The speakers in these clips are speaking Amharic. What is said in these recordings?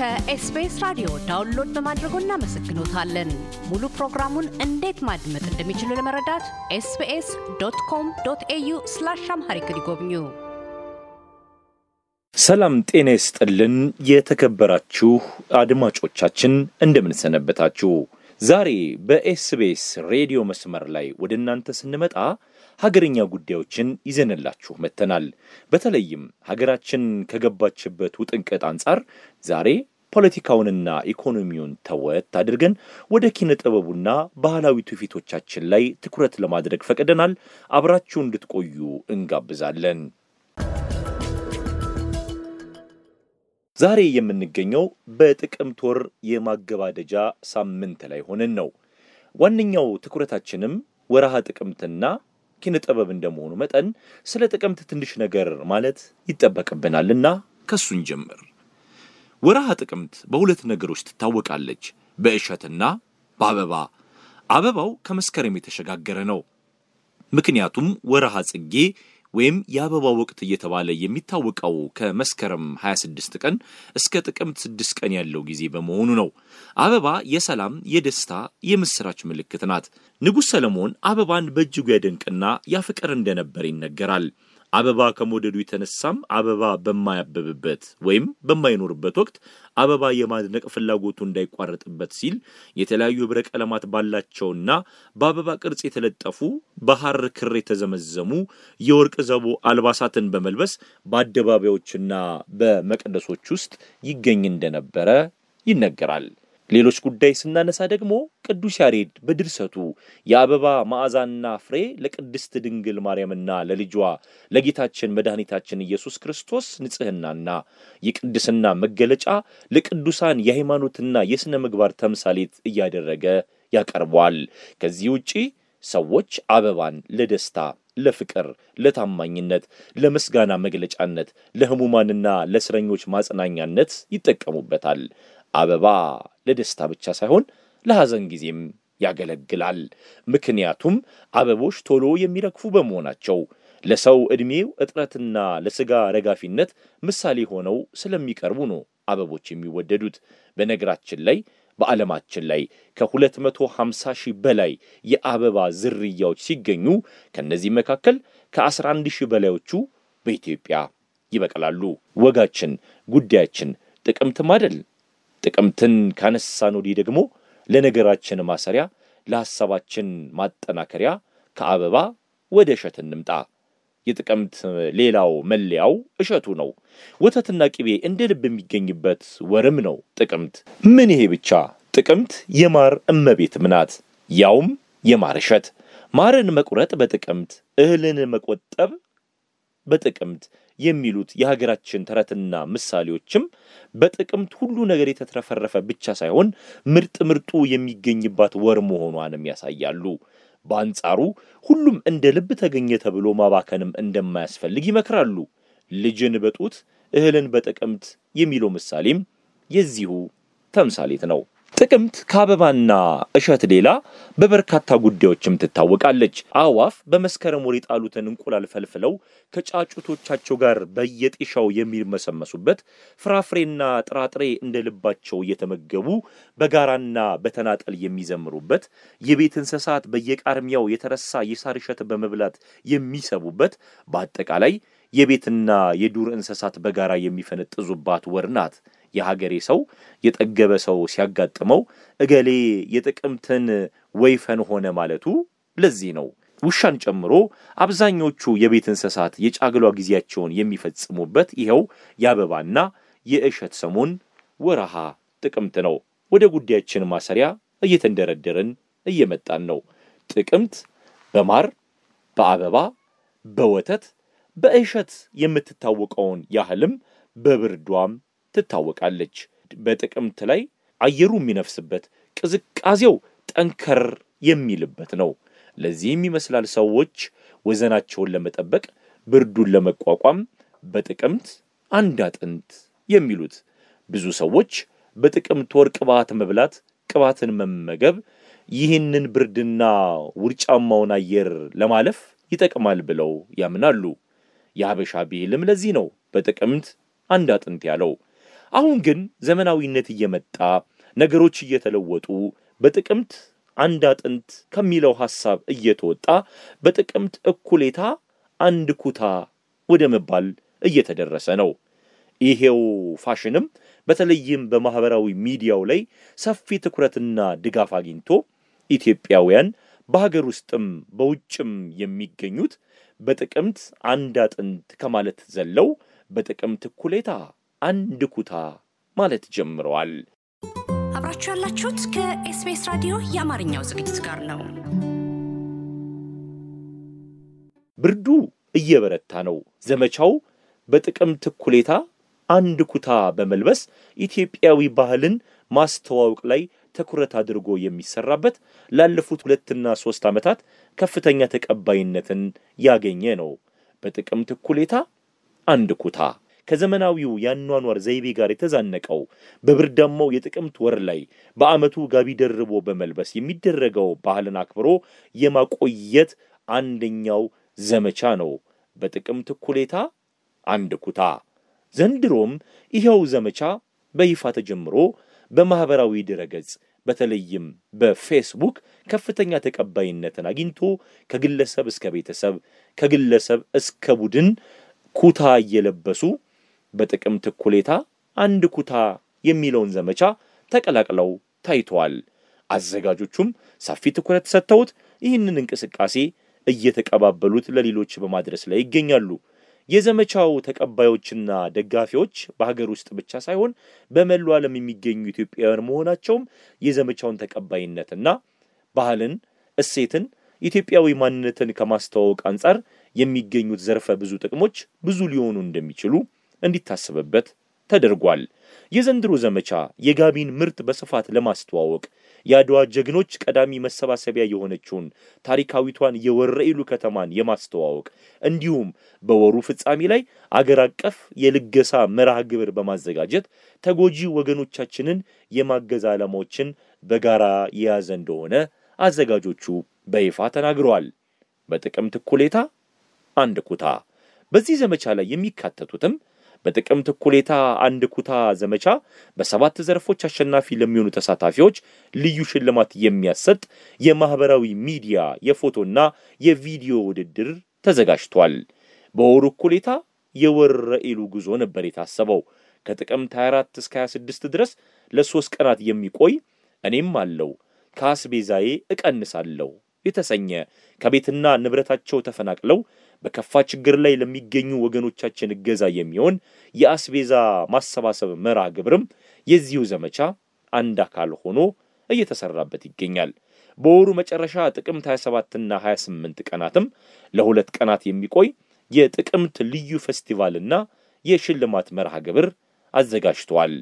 ከኤስቢኤስ ራዲዮ ዳውንሎድ በማድረጎ እናመሰግኖታለን። ሙሉ ፕሮግራሙን እንዴት ማድመጥ እንደሚችሉ ለመረዳት ኤስቢኤስ ዶት ኮም ዶት ኤዩ ስላሽ አምሃሪክ ይጎብኙ። ሰላም ጤና ይስጥልን። የተከበራችሁ አድማጮቻችን እንደምንሰነበታችሁ። ዛሬ በኤስቢኤስ ሬዲዮ መስመር ላይ ወደ እናንተ ስንመጣ ሀገርኛ ጉዳዮችን ይዘንላችሁ መጥተናል። በተለይም ሀገራችን ከገባችበት ውጥንቅጥ አንጻር ዛሬ ፖለቲካውንና ኢኮኖሚውን ተወት አድርገን ወደ ኪነ ጥበቡና ባህላዊ ትውፊቶቻችን ላይ ትኩረት ለማድረግ ፈቅደናል። አብራችሁ እንድትቆዩ እንጋብዛለን። ዛሬ የምንገኘው በጥቅምት ወር የማገባደጃ ሳምንት ላይ ሆነን ነው። ዋነኛው ትኩረታችንም ወረሃ ጥቅምትና ኪነ ጥበብ እንደመሆኑ መጠን ስለ ጥቅምት ትንሽ ነገር ማለት ይጠበቅብናልና ከሱን ጀምር። ወርሃ ጥቅምት በሁለት ነገሮች ትታወቃለች፣ በእሸትና በአበባ። አበባው ከመስከረም የተሸጋገረ ነው። ምክንያቱም ወርሃ ጽጌ ወይም የአበባ ወቅት እየተባለ የሚታወቀው ከመስከረም 26 ቀን እስከ ጥቅምት 6 ቀን ያለው ጊዜ በመሆኑ ነው። አበባ የሰላም፣ የደስታ፣ የምስራች ምልክት ናት። ንጉሥ ሰለሞን አበባን በእጅጉ ያደንቅና ያፍቅር እንደነበር ይነገራል። አበባ ከመውደዱ የተነሳም አበባ በማያበብበት ወይም በማይኖርበት ወቅት አበባ የማድነቅ ፍላጎቱ እንዳይቋረጥበት ሲል የተለያዩ ህብረ ቀለማት ባላቸውና በአበባ ቅርጽ የተለጠፉ በሐር ክር የተዘመዘሙ የወርቅ ዘቦ አልባሳትን በመልበስ በአደባባዮችና በመቅደሶች ውስጥ ይገኝ እንደነበረ ይነገራል። ሌሎች ጉዳይ ስናነሳ ደግሞ ቅዱስ ያሬድ በድርሰቱ የአበባ መዓዛና ፍሬ ለቅድስት ድንግል ማርያምና ለልጇ ለጌታችን መድኃኒታችን ኢየሱስ ክርስቶስ ንጽሕናና የቅድስና መገለጫ ለቅዱሳን የሃይማኖትና የሥነ ምግባር ተምሳሌት እያደረገ ያቀርቧል። ከዚህ ውጪ ሰዎች አበባን ለደስታ ለፍቅር፣ ለታማኝነት፣ ለምስጋና መግለጫነት፣ ለሕሙማንና ለእስረኞች ማጽናኛነት ይጠቀሙበታል። አበባ ለደስታ ብቻ ሳይሆን ለሐዘን ጊዜም ያገለግላል። ምክንያቱም አበቦች ቶሎ የሚረግፉ በመሆናቸው ለሰው ዕድሜው እጥረትና ለሥጋ ረጋፊነት ምሳሌ ሆነው ስለሚቀርቡ ነው አበቦች የሚወደዱት። በነገራችን ላይ በዓለማችን ላይ ከ250 ሺህ በላይ የአበባ ዝርያዎች ሲገኙ ከእነዚህ መካከል ከ11 ሺህ በላዮቹ በኢትዮጵያ ይበቅላሉ። ወጋችን ጉዳያችን ጥቅምትም አይደል? ጥቅምትን ካነሳን ወዲህ ደግሞ ለነገራችን ማሰሪያ ለሐሳባችን ማጠናከሪያ ከአበባ ወደ እሸት እንምጣ። የጥቅምት ሌላው መለያው እሸቱ ነው። ወተትና ቅቤ እንደ ልብ የሚገኝበት ወርም ነው ጥቅምት። ምን ይሄ ብቻ! ጥቅምት የማር እመቤትም ናት፣ ያውም የማር እሸት። ማርን መቁረጥ በጥቅምት እህልን መቆጠብ በጥቅምት የሚሉት የሀገራችን ተረትና ምሳሌዎችም በጥቅምት ሁሉ ነገር የተትረፈረፈ ብቻ ሳይሆን ምርጥ ምርጡ የሚገኝባት ወር መሆኗንም ያሳያሉ። በአንጻሩ ሁሉም እንደ ልብ ተገኘ ተብሎ ማባከንም እንደማያስፈልግ ይመክራሉ። ልጅን በጡት እህልን በጥቅምት የሚለው ምሳሌም የዚሁ ተምሳሌት ነው። ጥቅምት ከአበባና እሸት ሌላ በበርካታ ጉዳዮችም ትታወቃለች። አዋፍ በመስከረም ወር የጣሉትን እንቁላል ፈልፍለው ከጫጩቶቻቸው ጋር በየጤሻው የሚመሰመሱበት፣ ፍራፍሬና ጥራጥሬ እንደ ልባቸው እየተመገቡ በጋራና በተናጠል የሚዘምሩበት፣ የቤት እንስሳት በየቃርሚያው የተረሳ የሳር እሸት በመብላት የሚሰቡበት፣ በአጠቃላይ የቤትና የዱር እንስሳት በጋራ የሚፈነጥዙባት ወር ናት። የሀገሬ ሰው የጠገበ ሰው ሲያጋጥመው እገሌ የጥቅምትን ወይፈን ሆነ ማለቱ ለዚህ ነው። ውሻን ጨምሮ አብዛኞቹ የቤት እንስሳት የጫግሏ ጊዜያቸውን የሚፈጽሙበት ይኸው የአበባና የእሸት ሰሞን ወረሃ ጥቅምት ነው። ወደ ጉዳያችን ማሰሪያ እየተንደረደርን እየመጣን ነው። ጥቅምት በማር በአበባ በወተት በእሸት የምትታወቀውን ያህልም በብርዷም ትታወቃለች። በጥቅምት ላይ አየሩ የሚነፍስበት ቅዝቃዜው ጠንከር የሚልበት ነው። ለዚህም ይመስላል ሰዎች ወዘናቸውን ለመጠበቅ ብርዱን ለመቋቋም በጥቅምት አንድ አጥንት የሚሉት። ብዙ ሰዎች በጥቅምት ወር ቅባት መብላት፣ ቅባትን መመገብ ይህንን ብርድና ውርጫማውን አየር ለማለፍ ይጠቅማል ብለው ያምናሉ። የሀበሻ ብሔልም ለዚህ ነው በጥቅምት አንድ አጥንት ያለው። አሁን ግን ዘመናዊነት እየመጣ ነገሮች እየተለወጡ በጥቅምት አንድ አጥንት ከሚለው ሐሳብ እየተወጣ በጥቅምት እኩሌታ አንድ ኩታ ወደ መባል እየተደረሰ ነው። ይሄው ፋሽንም በተለይም በማህበራዊ ሚዲያው ላይ ሰፊ ትኩረትና ድጋፍ አግኝቶ ኢትዮጵያውያን በሀገር ውስጥም በውጭም የሚገኙት በጥቅምት አንድ አጥንት ከማለት ዘለው በጥቅምት እኩሌታ አንድ ኩታ ማለት ጀምረዋል። አብራችሁ ያላችሁት ከኤስቢኤስ ራዲዮ የአማርኛው ዝግጅት ጋር ነው። ብርዱ እየበረታ ነው። ዘመቻው በጥቅምት እኩሌታ አንድ ኩታ በመልበስ ኢትዮጵያዊ ባህልን ማስተዋወቅ ላይ ትኩረት አድርጎ የሚሰራበት ላለፉት ሁለትና ሶስት ዓመታት ከፍተኛ ተቀባይነትን ያገኘ ነው። በጥቅምት እኩሌታ አንድ ኩታ ከዘመናዊው የአኗኗር ዘይቤ ጋር የተዛነቀው በብርዳማው የጥቅምት ወር ላይ በዓመቱ ጋቢ ደርቦ በመልበስ የሚደረገው ባህልን አክብሮ የማቆየት አንደኛው ዘመቻ ነው። በጥቅምት እኩሌታ አንድ ኩታ። ዘንድሮም ይኸው ዘመቻ በይፋ ተጀምሮ በማኅበራዊ ድረገጽ በተለይም በፌስቡክ ከፍተኛ ተቀባይነትን አግኝቶ ከግለሰብ እስከ ቤተሰብ ከግለሰብ እስከ ቡድን ኩታ እየለበሱ በጥቅምት እኩሌታ አንድ ኩታ የሚለውን ዘመቻ ተቀላቅለው ታይተዋል። አዘጋጆቹም ሰፊ ትኩረት ሰጥተውት ይህንን እንቅስቃሴ እየተቀባበሉት ለሌሎች በማድረስ ላይ ይገኛሉ። የዘመቻው ተቀባዮችና ደጋፊዎች በሀገር ውስጥ ብቻ ሳይሆን በመላው ዓለም የሚገኙ ኢትዮጵያውያን መሆናቸውም የዘመቻውን ተቀባይነትና ባህልን፣ እሴትን፣ ኢትዮጵያዊ ማንነትን ከማስተዋወቅ አንጻር የሚገኙት ዘርፈ ብዙ ጥቅሞች ብዙ ሊሆኑ እንደሚችሉ እንዲታሰብበት ተደርጓል። የዘንድሮ ዘመቻ የጋቢን ምርት በስፋት ለማስተዋወቅ የአድዋ ጀግኖች ቀዳሚ መሰባሰቢያ የሆነችውን ታሪካዊቷን የወረኢሉ ከተማን የማስተዋወቅ እንዲሁም በወሩ ፍጻሜ ላይ አገር አቀፍ የልገሳ መርሃ ግብር በማዘጋጀት ተጎጂ ወገኖቻችንን የማገዝ ዓላማዎችን በጋራ የያዘ እንደሆነ አዘጋጆቹ በይፋ ተናግረዋል። በጥቅምት እኩሌታ አንድ ኩታ በዚህ ዘመቻ ላይ የሚካተቱትም በጥቅምት እኩሌታ አንድ ኩታ ዘመቻ በሰባት ዘርፎች አሸናፊ ለሚሆኑ ተሳታፊዎች ልዩ ሽልማት የሚያሰጥ የማህበራዊ ሚዲያ የፎቶና የቪዲዮ ውድድር ተዘጋጅቷል። በወሩ እኩሌታ የወር ጉዞ ነበር የታሰበው። ከጥቅምት 24 እስከ 26 ድረስ ለሶስት ቀናት የሚቆይ እኔም አለው ከአስቤዛዬ እቀንሳለሁ የተሰኘ ከቤትና ንብረታቸው ተፈናቅለው በከፋ ችግር ላይ ለሚገኙ ወገኖቻችን እገዛ የሚሆን የአስቤዛ ማሰባሰብ መርሃ ግብርም የዚሁ ዘመቻ አንድ አካል ሆኖ እየተሰራበት ይገኛል። በወሩ መጨረሻ ጥቅምት 27ና 28 ቀናትም ለሁለት ቀናት የሚቆይ የጥቅምት ልዩ ፌስቲቫልና የሽልማት መርሃ ግብር አዘጋጅተዋል።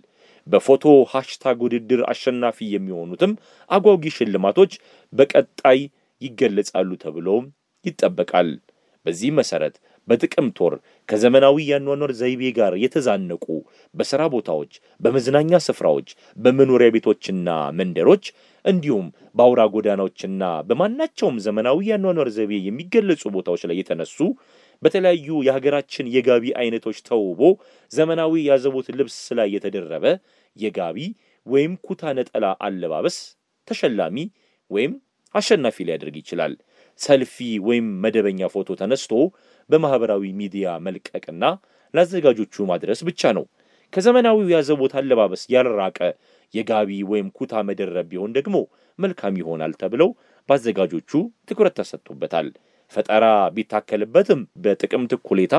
በፎቶ ሃሽታግ ውድድር አሸናፊ የሚሆኑትም አጓጊ ሽልማቶች በቀጣይ ይገለጻሉ ተብሎም ይጠበቃል። በዚህ መሰረት በጥቅምት ወር ከዘመናዊ ያኗኗር ዘይቤ ጋር የተዛነቁ በሥራ ቦታዎች፣ በመዝናኛ ስፍራዎች፣ በመኖሪያ ቤቶችና መንደሮች እንዲሁም በአውራ ጎዳናዎችና በማናቸውም ዘመናዊ ያኗኗር ዘይቤ የሚገለጹ ቦታዎች ላይ የተነሱ በተለያዩ የሀገራችን የጋቢ አይነቶች ተውቦ ዘመናዊ ያዘቦት ልብስ ላይ የተደረበ የጋቢ ወይም ኩታ ነጠላ አለባበስ ተሸላሚ ወይም አሸናፊ ሊያደርግ ይችላል። ሰልፊ ወይም መደበኛ ፎቶ ተነስቶ በማህበራዊ ሚዲያ መልቀቅና ለአዘጋጆቹ ማድረስ ብቻ ነው። ከዘመናዊው ያዘቦት አለባበስ ያልራቀ የጋቢ ወይም ኩታ መደረብ ቢሆን ደግሞ መልካም ይሆናል ተብለው በአዘጋጆቹ ትኩረት ተሰጥቶበታል። ፈጠራ ቢታከልበትም በጥቅምት እኩሌታ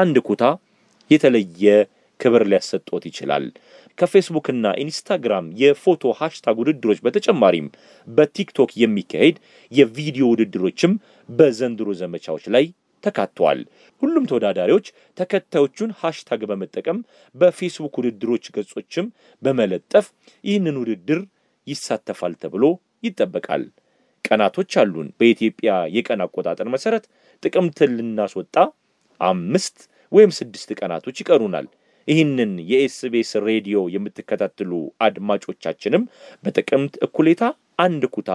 አንድ ኩታ የተለየ ክብር ሊያሰጦት ይችላል። ከፌስቡክ እና ኢንስታግራም የፎቶ ሃሽታግ ውድድሮች በተጨማሪም በቲክቶክ የሚካሄድ የቪዲዮ ውድድሮችም በዘንድሮ ዘመቻዎች ላይ ተካተዋል። ሁሉም ተወዳዳሪዎች ተከታዮቹን ሃሽታግ በመጠቀም በፌስቡክ ውድድሮች ገጾችም በመለጠፍ ይህንን ውድድር ይሳተፋል ተብሎ ይጠበቃል። ቀናቶች አሉን። በኢትዮጵያ የቀን አቆጣጠር መሰረት ጥቅምትን ልናስወጣ አምስት ወይም ስድስት ቀናቶች ይቀሩናል። ይህንን የኤስቤስ ሬዲዮ የምትከታተሉ አድማጮቻችንም በጥቅምት እኩሌታ አንድ ኩታ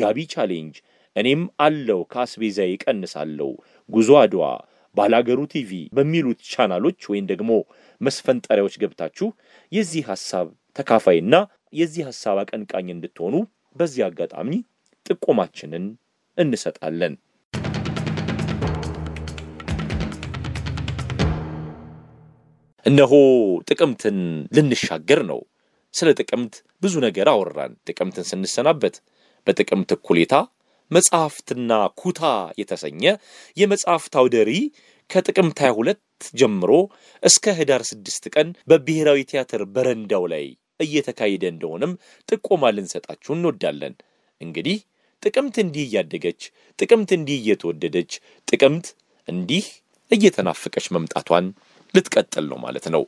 ጋቢ ቻሌንጅ እኔም አለው ከአስቤዛ ይቀንሳለው ጉዞ አድዋ ባላገሩ ቲቪ በሚሉት ቻናሎች ወይም ደግሞ መስፈንጠሪያዎች ገብታችሁ የዚህ ሐሳብ ተካፋይና የዚህ ሐሳብ አቀንቃኝ እንድትሆኑ በዚህ አጋጣሚ ጥቆማችንን እንሰጣለን። እነሆ ጥቅምትን ልንሻገር ነው። ስለ ጥቅምት ብዙ ነገር አወራን። ጥቅምትን ስንሰናበት በጥቅምት እኩሌታ መጽሐፍትና ኩታ የተሰኘ የመጽሐፍት አውደ ርዕይ ከጥቅምት 22 ጀምሮ እስከ ህዳር 6 ቀን በብሔራዊ ቲያትር በረንዳው ላይ እየተካሄደ እንደሆነም ጥቆማ ልንሰጣችሁ እንወዳለን። እንግዲህ ጥቅምት እንዲህ እያደገች፣ ጥቅምት እንዲህ እየተወደደች፣ ጥቅምት እንዲህ እየተናፈቀች መምጣቷን ልትቀጥል ነው ማለት ነው።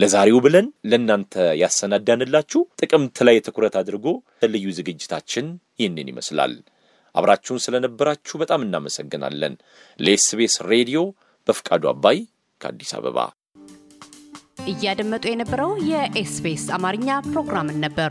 ለዛሬው ብለን ለእናንተ ያሰናዳንላችሁ ጥቅምት ላይ ትኩረት አድርጎ ልዩ ዝግጅታችን ይህንን ይመስላል። አብራችሁን ስለነበራችሁ በጣም እናመሰግናለን። ለኤስቤስ ሬዲዮ በፍቃዱ አባይ ከአዲስ አበባ። እያደመጡ የነበረው የኤስቢኤስ አማርኛ ፕሮግራምን ነበር።